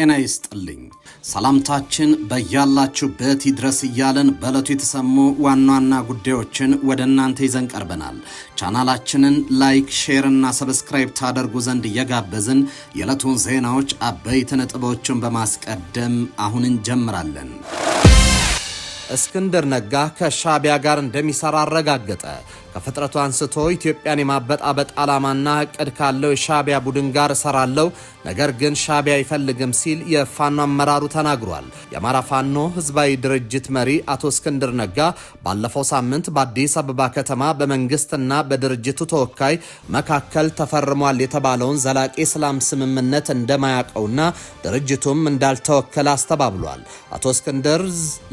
ጤና ይስጥልኝ። ሰላምታችን በያላችሁበት ይድረስ እያለን በዕለቱ የተሰሙ ዋና ዋና ጉዳዮችን ወደ እናንተ ይዘን ቀርበናል። ቻናላችንን ላይክ፣ ሼር እና ሰብስክራይብ ታደርጉ ዘንድ እየጋበዝን የዕለቱን ዜናዎች አበይት ነጥቦችን በማስቀደም አሁን እንጀምራለን። እስክንድር ነጋ ከሻቢያ ጋር እንደሚሰራ አረጋገጠ። ከፍጥረቱ አንስቶ ኢትዮጵያን የማበጣበጥ ዓላማና እቅድ ካለው የሻቢያ ቡድን ጋር እሰራለሁ፣ ነገር ግን ሻቢያ አይፈልግም ሲል የፋኖ አመራሩ ተናግሯል። የአማራ ፋኖ ህዝባዊ ድርጅት መሪ አቶ እስክንድር ነጋ ባለፈው ሳምንት በአዲስ አበባ ከተማ በመንግስትና በድርጅቱ ተወካይ መካከል ተፈርሟል የተባለውን ዘላቂ ሰላም ስምምነት እንደማያውቀውና ድርጅቱም እንዳልተወከለ አስተባብሏል። አቶ እስክንድር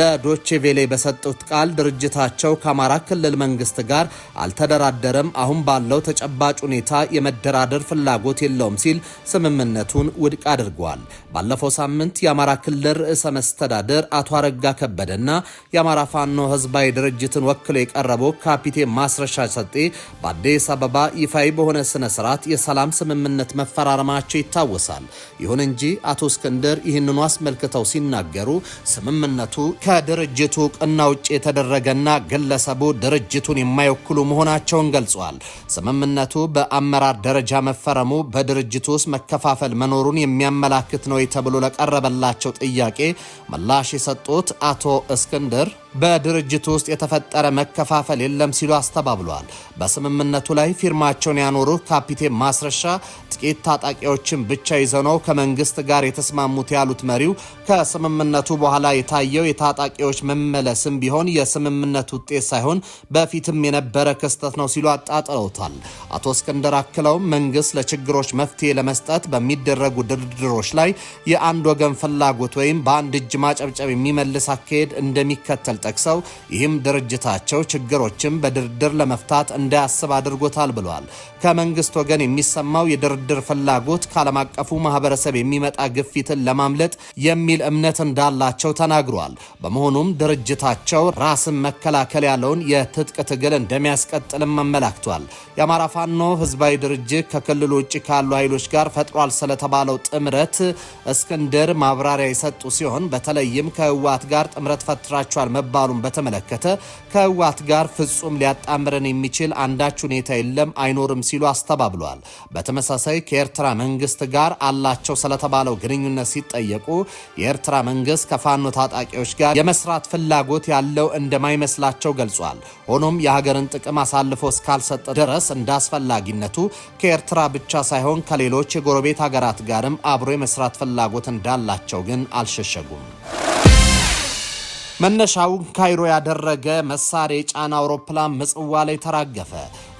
ለዶቼ ቬሌ በሰጡት ቃል ድርጅታቸው ከአማራ ክልል መንግስት ጋር አልተደራደረም፣ አሁን ባለው ተጨባጭ ሁኔታ የመደራደር ፍላጎት የለውም ሲል ስምምነቱን ውድቅ አድርጓል። ባለፈው ሳምንት የአማራ ክልል ርዕሰ መስተዳደር አቶ አረጋ ከበደና የአማራ ፋኖ ህዝባዊ ድርጅትን ወክሎ የቀረበው ካፒቴን ማስረሻ ሰጤ በአዲስ አበባ ይፋዊ በሆነ ስነ ስርዓት የሰላም ስምምነት መፈራረማቸው ይታወሳል። ይሁን እንጂ አቶ እስክንድር ይህንኑ አስመልክተው ሲናገሩ ስምምነቱ ከድርጅቱ እውቅና ውጭ የተደረገና ግለሰቡ ድርጅቱን የማይወ የሚወክሉ መሆናቸውን ገልጿል። ስምምነቱ በአመራር ደረጃ መፈረሙ በድርጅቱ ውስጥ መከፋፈል መኖሩን የሚያመላክት ነው ተብሎ ለቀረበላቸው ጥያቄ ምላሽ የሰጡት አቶ እስክንድር በድርጅቱ ውስጥ የተፈጠረ መከፋፈል የለም ሲሉ አስተባብሏል። በስምምነቱ ላይ ፊርማቸውን ያኖሩ ካፒቴን ማስረሻ ጥቂት ታጣቂዎችን ብቻ ይዘው ነው ከመንግስት ጋር የተስማሙት ያሉት መሪው ከስምምነቱ በኋላ የታየው የታጣቂዎች መመለስም ቢሆን የስምምነት ውጤት ሳይሆን በፊትም የነበረ ክስተት ነው ሲሉ አጣጥለውታል። አቶ እስክንድር አክለውም መንግስት ለችግሮች መፍትሄ ለመስጠት በሚደረጉ ድርድሮች ላይ የአንድ ወገን ፍላጎት ወይም በአንድ እጅ ማጨብጨብ የሚመልስ አካሄድ እንደሚከተል ጠቅሰው ይህም ድርጅታቸው ችግሮችን በድርድር ለመፍታት እንዳያስብ አድርጎታል ብለዋል። ከመንግስት ወገን የሚሰማው የድርድር የብድር ፍላጎት ከዓለም አቀፉ ማህበረሰብ የሚመጣ ግፊትን ለማምለጥ የሚል እምነት እንዳላቸው ተናግሯል። በመሆኑም ድርጅታቸው ራስን መከላከል ያለውን የትጥቅ ትግል እንደሚያስቀጥልም አመላክቷል። የአማራ ፋኖ ህዝባዊ ድርጅት ከክልል ውጭ ካሉ ኃይሎች ጋር ፈጥሯል ስለተባለው ጥምረት እስክንድር ማብራሪያ የሰጡ ሲሆን በተለይም ከህወሓት ጋር ጥምረት ፈጥራችኋል መባሉን በተመለከተ ከህወሓት ጋር ፍጹም ሊያጣምረን የሚችል አንዳች ሁኔታ የለም አይኖርም ሲሉ አስተባብሏል። በተመሳሳይ ጉዳይ ከኤርትራ መንግስት ጋር አላቸው ስለተባለው ግንኙነት ሲጠየቁ የኤርትራ መንግስት ከፋኖ ታጣቂዎች ጋር የመስራት ፍላጎት ያለው እንደማይመስላቸው ገልጿል። ሆኖም የሀገርን ጥቅም አሳልፎ እስካልሰጠ ድረስ እንደ አስፈላጊነቱ ከኤርትራ ብቻ ሳይሆን ከሌሎች የጎረቤት ሀገራት ጋርም አብሮ የመስራት ፍላጎት እንዳላቸው ግን አልሸሸጉም። መነሻውን ካይሮ ያደረገ መሳሪያ የጫነ አውሮፕላን ምጽዋ ላይ ተራገፈ።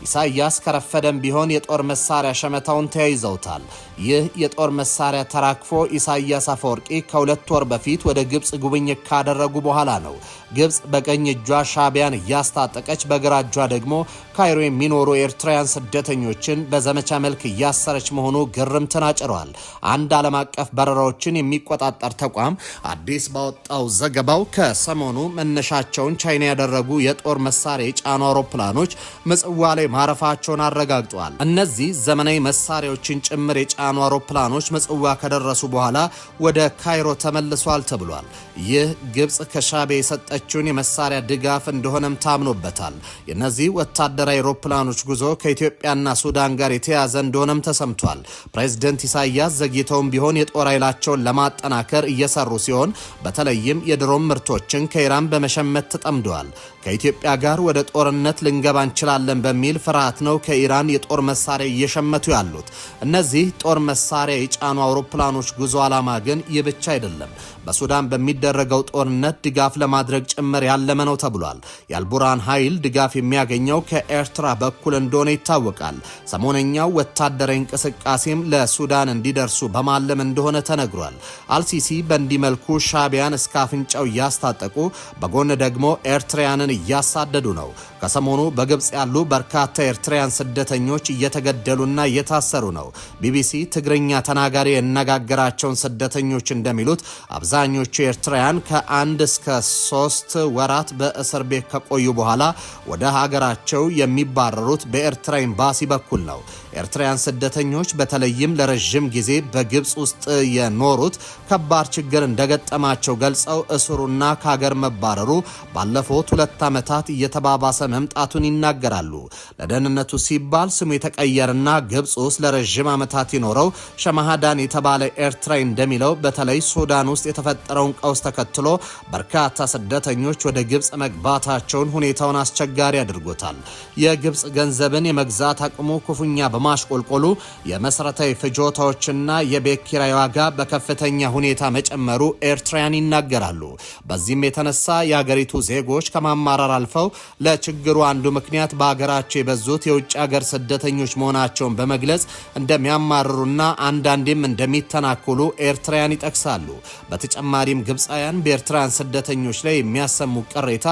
ኢሳያስ ከረፈደም ቢሆን የጦር መሳሪያ ሸመታውን ተያይዘውታል። ይህ የጦር መሳሪያ ተራክፎ ኢሳያስ አፈወርቂ ከሁለት ወር በፊት ወደ ግብፅ ጉብኝት ካደረጉ በኋላ ነው። ግብፅ በቀኝ እጇ ሻቢያን እያስታጠቀች፣ በግራ እጇ ደግሞ ካይሮ የሚኖሩ ኤርትራውያን ስደተኞችን በዘመቻ መልክ እያሰረች መሆኑ ግርምትን አጭረዋል። አንድ ዓለም አቀፍ በረራዎችን የሚቆጣጠር ተቋም አዲስ ባወጣው ዘገባው ከሰሞኑ መነሻቸውን ቻይና ያደረጉ የጦር መሳሪያ የጫኑ አውሮፕላኖች ምጽዋ ላይ ላይ ማረፋቸውን አረጋግጧል። እነዚህ ዘመናዊ መሳሪያዎችን ጭምር የጫኑ አውሮፕላኖች ምጽዋ ከደረሱ በኋላ ወደ ካይሮ ተመልሷል ተብሏል። ይህ ግብጽ ከሻቤ የሰጠችውን የመሳሪያ ድጋፍ እንደሆነም ታምኖበታል። የእነዚህ ወታደራዊ አውሮፕላኖች ጉዞ ከኢትዮጵያና ሱዳን ጋር የተያዘ እንደሆነም ተሰምቷል። ፕሬዝደንት ኢሳያስ ዘግይተውም ቢሆን የጦር ኃይላቸውን ለማጠናከር እየሰሩ ሲሆን በተለይም የድሮን ምርቶችን ከኢራን በመሸመት ተጠምደዋል። ከኢትዮጵያ ጋር ወደ ጦርነት ልንገባ እንችላለን በሚል በሚል ፍርሃት ነው ከኢራን የጦር መሳሪያ እየሸመቱ ያሉት። እነዚህ ጦር መሳሪያ የጫኑ አውሮፕላኖች ጉዞ ዓላማ ግን ይህ ብቻ አይደለም። በሱዳን በሚደረገው ጦርነት ድጋፍ ለማድረግ ጭምር ያለመ ነው ተብሏል። የአልቡራን ኃይል ድጋፍ የሚያገኘው ከኤርትራ በኩል እንደሆነ ይታወቃል። ሰሞነኛው ወታደራዊ እንቅስቃሴም ለሱዳን እንዲደርሱ በማለም እንደሆነ ተነግሯል። አልሲሲ በእንዲህ መልኩ ሻቢያን እስከ አፍንጫው እያስታጠቁ፣ በጎን ደግሞ ኤርትራያንን እያሳደዱ ነው። ከሰሞኑ በግብፅ ያሉ በርካታ ኤርትራውያን ስደተኞች እየተገደሉና እየታሰሩ ነው። ቢቢሲ ትግርኛ ተናጋሪ የነጋገራቸውን ስደተኞች እንደሚሉት አብዛኞቹ ኤርትራውያን ከአንድ እስከ ሶስት ወራት በእስር ቤት ከቆዩ በኋላ ወደ ሀገራቸው የሚባረሩት በኤርትራ ኤምባሲ በኩል ነው። ኤርትራውያን ስደተኞች በተለይም ለረዥም ጊዜ በግብፅ ውስጥ የኖሩት ከባድ ችግር እንደገጠማቸው ገልጸው እስሩና ከሀገር መባረሩ ባለፉት ሁለት ዓመታት እየተባባሰ መምጣቱን ይናገራሉ። ለደህንነቱ ሲባል ስሙ የተቀየርና ግብፅ ውስጥ ለረዥም ዓመታት ይኖረው ሸማሃዳን የተባለ ኤርትራ እንደሚለው በተለይ ሱዳን ውስጥ የተፈጠረውን ቀውስ ተከትሎ በርካታ ስደተኞች ወደ ግብፅ መግባታቸውን ሁኔታውን አስቸጋሪ አድርጎታል። የግብፅ ገንዘብን የመግዛት አቅሙ ክፉኛ በማሽቆልቆሉ የመሰረታዊ ፍጆታዎችና የቤት ኪራይ ዋጋ በከፍተኛ ሁኔታ መጨመሩ ኤርትራውያን ይናገራሉ። በዚህም የተነሳ የአገሪቱ ዜጎች ከማማራር አልፈው ለችግ ለችግሩ አንዱ ምክንያት በሀገራቸው የበዙት የውጭ ሀገር ስደተኞች መሆናቸውን በመግለጽ እንደሚያማርሩና አንዳንዴም እንደሚተናኩሉ ኤርትራውያን ይጠቅሳሉ። በተጨማሪም ግብፃውያን በኤርትራውያን ስደተኞች ላይ የሚያሰሙ ቅሬታ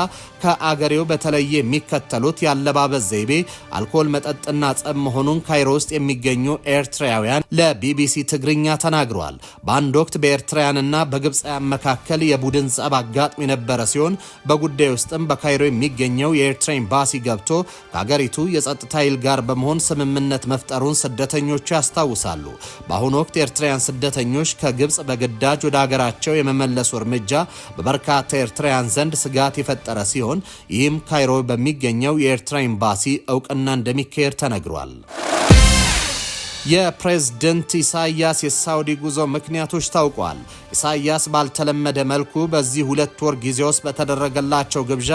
ከአገሬው በተለየ የሚከተሉት የአለባበስ ዘይቤ፣ አልኮል መጠጥና ጸብ መሆኑን ካይሮ ውስጥ የሚገኙ ኤርትራውያን ለቢቢሲ ትግርኛ ተናግረዋል። በአንድ ወቅት በኤርትራውያንና በግብፃውያን መካከል የቡድን ጸብ አጋጥሞ የነበረ ሲሆን በጉዳይ ውስጥም በካይሮ የሚገኘው የኤርትራ ኤምባሲ ገብቶ ከሀገሪቱ የጸጥታ ኃይል ጋር በመሆን ስምምነት መፍጠሩን ስደተኞቹ ያስታውሳሉ። በአሁኑ ወቅት ኤርትራውያን ስደተኞች ከግብፅ በግዳጅ ወደ ሀገራቸው የመመለሱ እርምጃ በበርካታ ኤርትራውያን ዘንድ ስጋት የፈጠረ ሲሆን ይህም ካይሮ በሚገኘው የኤርትራ ኤምባሲ እውቅና እንደሚካሄድ ተነግሯል። የፕሬዝደንት ኢሳያስ የሳውዲ ጉዞ ምክንያቶች ታውቋል። ኢሳያስ ባልተለመደ መልኩ በዚህ ሁለት ወር ጊዜ ውስጥ በተደረገላቸው ግብዣ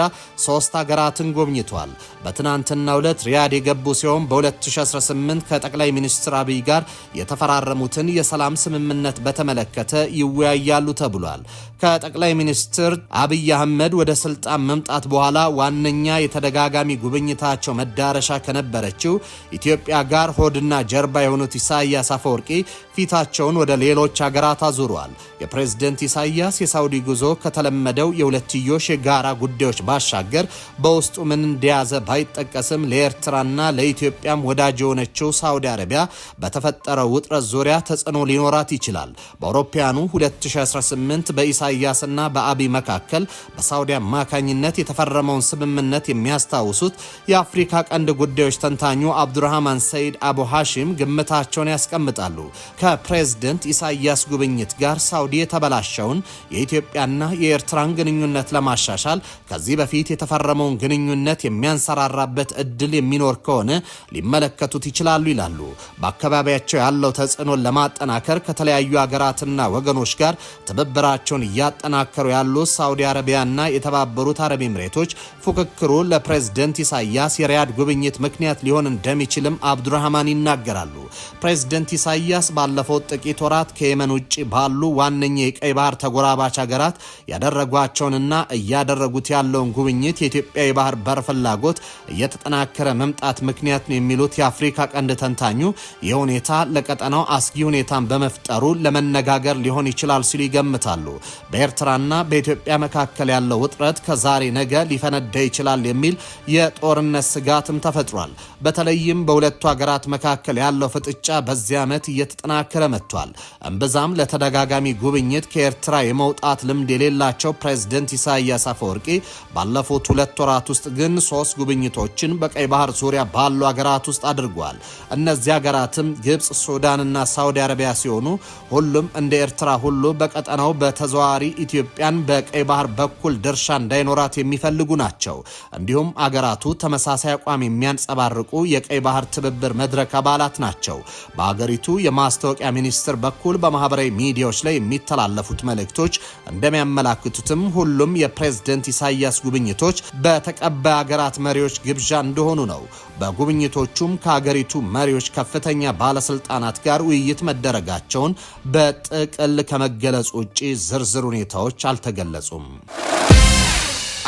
ሶስት ሀገራትን ጎብኝቷል። በትናንትናው ዕለት ሪያድ የገቡ ሲሆን በ2018 ከጠቅላይ ሚኒስትር አብይ ጋር የተፈራረሙትን የሰላም ስምምነት በተመለከተ ይወያያሉ ተብሏል። ከጠቅላይ ሚኒስትር አብይ አህመድ ወደ ስልጣን መምጣት በኋላ ዋነኛ የተደጋጋሚ ጉብኝታቸው መዳረሻ ከነበረችው ኢትዮጵያ ጋር ሆድና ጀርባ የሆኑ የሆኑት ኢሳያስ አፈወርቂ ፊታቸውን ወደ ሌሎች ሀገራት አዙረዋል። የፕሬዝደንት ኢሳያስ የሳውዲ ጉዞ ከተለመደው የሁለትዮሽ የጋራ ጉዳዮች ባሻገር በውስጡ ምን እንደያዘ ባይጠቀስም ለኤርትራና ለኢትዮጵያም ወዳጅ የሆነችው ሳውዲ አረቢያ በተፈጠረው ውጥረት ዙሪያ ተጽዕኖ ሊኖራት ይችላል። በአውሮፓውያኑ 2018 በኢሳያስና በአብይ መካከል በሳውዲ አማካኝነት የተፈረመውን ስምምነት የሚያስታውሱት የአፍሪካ ቀንድ ጉዳዮች ተንታኙ አብዱራህማን ሰይድ አቡ ሐሺም ግምት አስተያየታቸውን ያስቀምጣሉ። ከፕሬዝደንት ኢሳያስ ጉብኝት ጋር ሳውዲ የተበላሸውን የኢትዮጵያና የኤርትራን ግንኙነት ለማሻሻል ከዚህ በፊት የተፈረመውን ግንኙነት የሚያንሰራራበት እድል የሚኖር ከሆነ ሊመለከቱት ይችላሉ ይላሉ። በአካባቢያቸው ያለው ተጽዕኖን ለማጠናከር ከተለያዩ ሀገራትና ወገኖች ጋር ትብብራቸውን እያጠናከሩ ያሉ ሳውዲ አረቢያና የተባበሩት አረብ ኤምሬቶች ፉክክሩ ለፕሬዝደንት ኢሳያስ የሪያድ ጉብኝት ምክንያት ሊሆን እንደሚችልም አብዱራህማን ይናገራሉ። ፕሬዝደንት ኢሳያስ ባለፈው ጥቂት ወራት ከየመን ውጭ ባሉ ዋነኛ የቀይ ባህር ተጎራባች ሀገራት ያደረጓቸውንና እያደረጉት ያለውን ጉብኝት የኢትዮጵያ የባህር በር ፍላጎት እየተጠናከረ መምጣት ምክንያት ነው የሚሉት የአፍሪካ ቀንድ ተንታኙ ይህ ሁኔታ ለቀጠናው አስጊ ሁኔታን በመፍጠሩ ለመነጋገር ሊሆን ይችላል ሲሉ ይገምታሉ። በኤርትራና በኢትዮጵያ መካከል ያለው ውጥረት ከዛሬ ነገ ሊፈነዳ ይችላል የሚል የጦርነት ስጋትም ተፈጥሯል። በተለይም በሁለቱ ሀገራት መካከል ያለው ፍጥ ፍጥጫ በዚህ ዓመት እየተጠናከረ መጥቷል። እምብዛም ለተደጋጋሚ ጉብኝት ከኤርትራ የመውጣት ልምድ የሌላቸው ፕሬዝደንት ኢሳያስ አፈወርቂ ባለፉት ሁለት ወራት ውስጥ ግን ሶስት ጉብኝቶችን በቀይ ባህር ዙሪያ ባሉ ሀገራት ውስጥ አድርጓል። እነዚህ ሀገራትም ግብፅ፣ ሱዳንና ሳውዲ አረቢያ ሲሆኑ ሁሉም እንደ ኤርትራ ሁሉ በቀጠናው በተዘዋዋሪ ኢትዮጵያን በቀይ ባህር በኩል ድርሻ እንዳይኖራት የሚፈልጉ ናቸው። እንዲሁም አገራቱ ተመሳሳይ አቋም የሚያንጸባርቁ የቀይ ባህር ትብብር መድረክ አባላት ናቸው። ናቸው። በአገሪቱ የማስታወቂያ ሚኒስቴር በኩል በማህበራዊ ሚዲያዎች ላይ የሚተላለፉት መልእክቶች እንደሚያመላክቱትም ሁሉም የፕሬዝደንት ኢሳያስ ጉብኝቶች በተቀባይ አገራት መሪዎች ግብዣ እንደሆኑ ነው። በጉብኝቶቹም ከአገሪቱ መሪዎች፣ ከፍተኛ ባለስልጣናት ጋር ውይይት መደረጋቸውን በጥቅል ከመገለጹ ውጭ ዝርዝር ሁኔታዎች አልተገለጹም።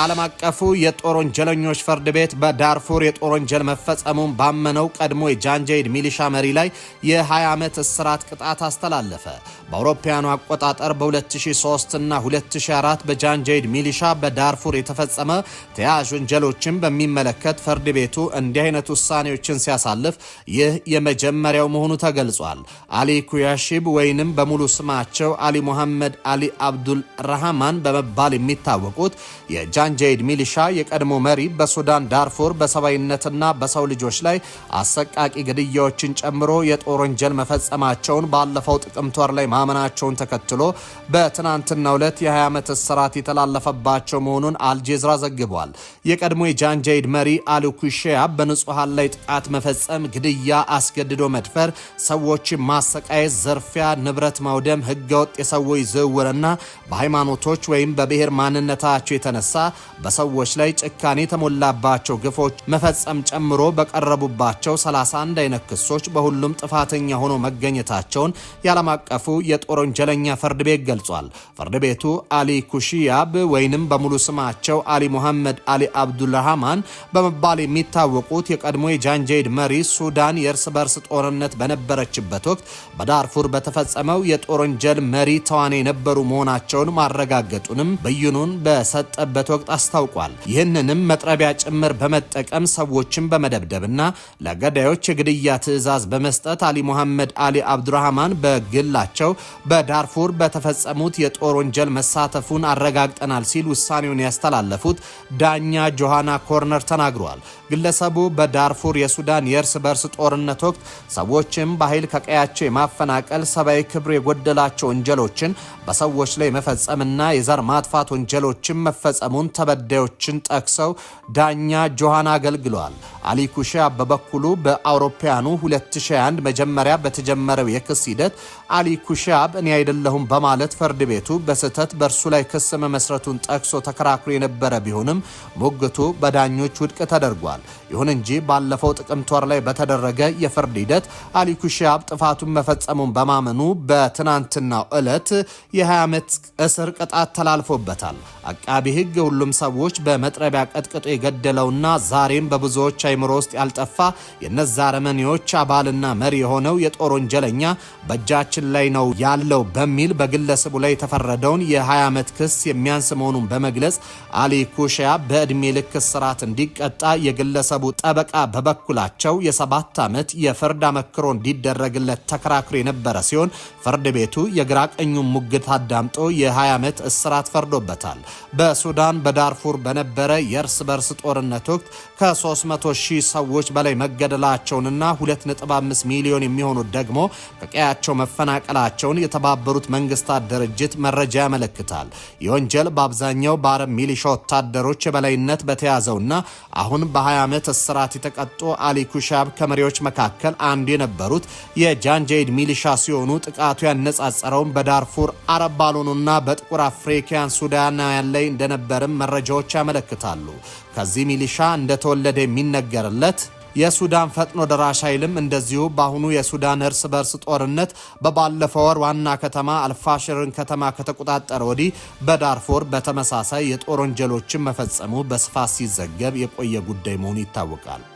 ዓለም አቀፉ የጦር ወንጀለኞች ፍርድ ቤት በዳርፉር የጦር ወንጀል መፈጸሙን ባመነው ቀድሞ የጃንጃይድ ሚሊሻ መሪ ላይ የ20 ዓመት እስራት ቅጣት አስተላለፈ። በአውሮፓውያኑ አቆጣጠር በ2003 እና 2004 በጃንጃይድ ሚሊሻ በዳርፉር የተፈጸመ ተያያዥ ወንጀሎችን በሚመለከት ፍርድ ቤቱ እንዲህ አይነት ውሳኔዎችን ሲያሳልፍ ይህ የመጀመሪያው መሆኑ ተገልጿል። አሊ ኩያሺብ ወይንም በሙሉ ስማቸው አሊ ሙሐመድ አሊ አብዱል ረሃማን በመባል የሚታወቁት የሻንጃይድ ሚሊሻ የቀድሞ መሪ በሱዳን ዳርፉር በሰብአዊነትና በሰው ልጆች ላይ አሰቃቂ ግድያዎችን ጨምሮ የጦር ወንጀል መፈጸማቸውን ባለፈው ጥቅምት ወር ላይ ማመናቸውን ተከትሎ በትናንትናው ዕለት የ20 ዓመት እስራት የተላለፈባቸው መሆኑን አልጄዝራ ዘግቧል። የቀድሞ የጃንጃይድ መሪ አልኩሼያ በንጹሐን ላይ ጥቃት መፈጸም፣ ግድያ፣ አስገድዶ መድፈር፣ ሰዎችን ማሰቃየት፣ ዘርፊያ፣ ንብረት ማውደም፣ ህገወጥ የሰዎች ዝውውርና በሃይማኖቶች ወይም በብሔር ማንነታቸው የተነሳ በሰዎች ላይ ጭካኔ የተሞላባቸው ግፎች መፈጸም ጨምሮ በቀረቡባቸው 31 አይነት ክሶች በሁሉም ጥፋተኛ ሆኖ መገኘታቸውን የዓለም አቀፉ የጦር ወንጀለኛ ፍርድ ቤት ገልጿል። ፍርድ ቤቱ አሊ ኩሺያብ ወይንም በሙሉ ስማቸው አሊ ሙሐመድ አሊ አብዱልራህማን በመባል የሚታወቁት የቀድሞ የጃንጃይድ መሪ ሱዳን የእርስ በርስ ጦርነት በነበረችበት ወቅት በዳርፉር በተፈጸመው የጦር ወንጀል መሪ ተዋኔ የነበሩ መሆናቸውን ማረጋገጡንም ብይኑን በሰጠበት ወቅት ወቅት አስታውቋል። ይህንንም መጥረቢያ ጭምር በመጠቀም ሰዎችን በመደብደብና ለገዳዮች የግድያ ትዕዛዝ በመስጠት አሊ ሙሐመድ አሊ አብዱራህማን በግላቸው በዳርፉር በተፈጸሙት የጦር ወንጀል መሳተፉን አረጋግጠናል ሲል ውሳኔውን ያስተላለፉት ዳኛ ጆሃና ኮርነር ተናግረዋል። ግለሰቡ በዳርፉር የሱዳን የእርስ በርስ ጦርነት ወቅት ሰዎችም በኃይል ከቀያቸው የማፈናቀል ሰብአዊ ክብር የጎደላቸው ወንጀሎችን በሰዎች ላይ መፈጸምና የዘር ማጥፋት ወንጀሎችን መፈጸሙን ተበዳዮችን ጠቅሰው ዳኛ ጆሃን አገልግለዋል። አሊ ኩሻ በበኩሉ በአውሮፓውያኑ 2001 መጀመሪያ በተጀመረው የክስ ሂደት አሊ ኩሻብ እኔ አይደለሁም በማለት ፍርድ ቤቱ በስህተት በእርሱ ላይ ክስ መመስረቱን ጠቅሶ ተከራክሮ የነበረ ቢሆንም ሞግቱ በዳኞች ውድቅ ተደርጓል። ይሁን እንጂ ባለፈው ጥቅምት ወር ላይ በተደረገ የፍርድ ሂደት አሊ ኩሻብ ጥፋቱን መፈጸሙን በማመኑ በትናንትናው ዕለት የ20 ዓመት እስር ቅጣት ተላልፎበታል። አቃቢ ሕግ ሁሉም ሰዎች በመጥረቢያ ቀጥቅጦ የገደለውና ዛሬም በብዙዎች አይምሮ ውስጥ ያልጠፋ የነዛ አረመኔዎች አባልና መሪ የሆነው የጦር ወንጀለኛ በእጃችን በእጃችን ላይ ነው ያለው በሚል በግለሰቡ ላይ የተፈረደውን የ20 ዓመት ክስ የሚያንስ መሆኑን በመግለጽ አሊ ኮሻ በዕድሜ ልክ እስራት እንዲቀጣ የግለሰቡ ጠበቃ በበኩላቸው የሰባት ዓመት የፍርድ አመክሮ እንዲደረግለት ተከራክሮ የነበረ ሲሆን ፍርድ ቤቱ የግራ ቀኙን ሙግት አዳምጦ የ20 ዓመት እስራት ፈርዶበታል። በሱዳን በዳርፉር በነበረ የእርስ በርስ ጦርነት ወቅት ከ300 ሺህ ሰዎች በላይ መገደላቸውንና 2.5 ሚሊዮን የሚሆኑት ደግሞ ከቀያቸው መፈና መፈናቀላቸውን የተባበሩት መንግስታት ድርጅት መረጃ ያመለክታል። ይህ ወንጀል በአብዛኛው በአረብ ሚሊሻ ወታደሮች የበላይነት በተያዘውና አሁን በ20 ዓመት እስራት የተቀጡ አሊ ኩሻብ ከመሪዎች መካከል አንዱ የነበሩት የጃንጃይድ ሚሊሻ ሲሆኑ ጥቃቱ ያነጻጸረውን በዳርፉር አረብ ባልሆኑና በጥቁር አፍሪካውያን ሱዳናውያን ላይ እንደነበርም መረጃዎች ያመለክታሉ። ከዚህ ሚሊሻ እንደተወለደ የሚነገርለት የሱዳን ፈጥኖ ደራሽ ኃይልም እንደዚሁ በአሁኑ የሱዳን እርስ በርስ ጦርነት በባለፈው ወር ዋና ከተማ አልፋሽርን ከተማ ከተቆጣጠረ ወዲህ በዳርፎር በተመሳሳይ የጦር ወንጀሎችን መፈጸሙ በስፋት ሲዘገብ የቆየ ጉዳይ መሆኑ ይታወቃል።